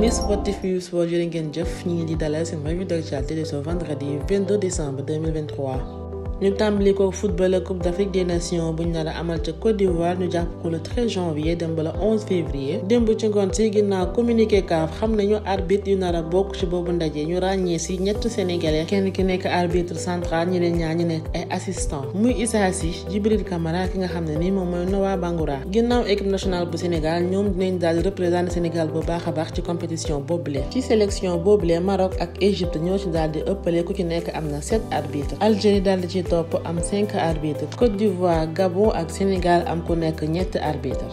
Amis sportifs Yu Sport jërë Jeff jëf d'aller ngi de ce vendredi 22 décembre 2023 ñu tàmbali ko football coupe d' afrique des nations buñ nar a amal ca Côte d'Ivoire ñu jàpp ko le 13 janvier dem ba 11 février démb ci ngoon si ginnaaw communiqué kaaf xam nañu arbitre yu nar a bokk ci boobu ndaje ñu ràññee si ñett sénégalais kenn ki nekk arbitre central ñeneen ñaar ñu nekk ay assistant muy Issa Sy Djibril Camara ki nga xam ne nii moom mooy Noah Bangoura ginnaaw équipe nationale bu Sénégal ñoom dinañ daal di représenter Sénégal bu baax a baax ci compétition boobule ci sélection boobule Maroc ak Égypte ñoo ci daal di ëppale ku ci nekk am na sept Algérie daal di ci topp am cinq arbitres Côte d'Ivoire Gabon ak Sénégal am ku nekk ñetti arbitre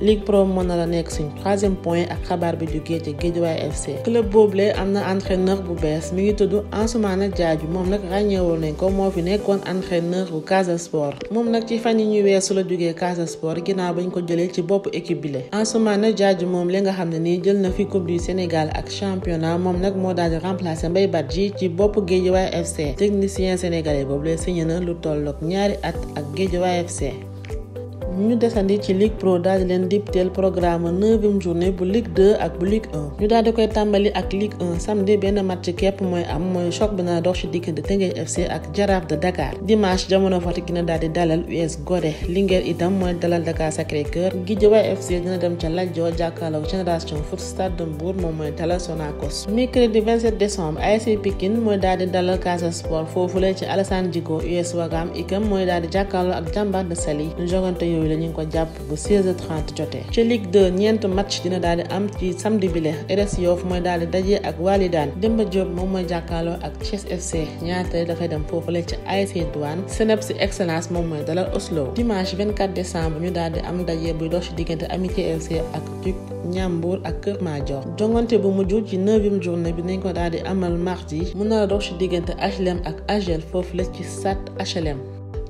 Ligue Pro mën na la nekk suñ troisième point ak xabaar bi jugee ci Guédiawaye FC club boobule am na entraîneur bu bees mu ngi tudd Ansoumana Diadio moom nag ràññeewoon nañ ko moo fi nekkoon entraîneur bu Casa Sport moom nag ci fan yi ñu weesu la jugee Casa Sport ginnaaw bañ ko jëlee ci bopp équipe bi la Ansoumana Diadio moom li nga xam ne nii jël na fi coupe Sénégal ak championnat moom nag moo daal di mbay Mbaye Badji ci bopp Guédiawaye FC technicien sénégalais boobu la signé na lu tolloog ñaari at ak Guédiawaye FC ñu desandi ci Ligue Pro daal di leen dipteel programme neuvième journée bu Ligue 2 ak bu Ligue 1 ñu daal di koy tàmbali ak Ligue 1 samedi benn match képp mooy am mooy choc bi na dox ci diggante Teungueth FC ak Jaraaf de Dakar dimanche jamono Fatick dina daal di dalal US Gorée Linguère itam mooy dalal Dakar Sacré-Cœur Guédiawaye FC dina dem ca Lat Dior jàkkaarloog Génération Foot Stade de Mbour moom mooy dalal Sonacos mercredi 27 décembre ASC Pikine mooy daal di dalal Casa Sport foofule ci Alassane Djigo US Ouakam ikam mooy daal di jàkkaarloo ak Jàmbaar de wi ñu ngi ko jàpp bu 16h30 jotee ci Ligue 2 ñeent match dina daal di am ci samedi bi mooy daal di daje ak Walidaan Demba Diop moom mooy jàkkaaloo ak Thiès FC ñaatale dafay dem foofule ci ASC Douane Seneps Excellence moom mooy dalal Oslo dimanche 24 décembre ñu daal di am daje buy dox ci diggante Amitié FC ak Duc Ñambour ak Kër Madior jongante bu mujj ci neuvième journée bi nañ ko daal di amal mardi mun na dox ci diggante HLM ak AGEL foofu la ci stade HLM.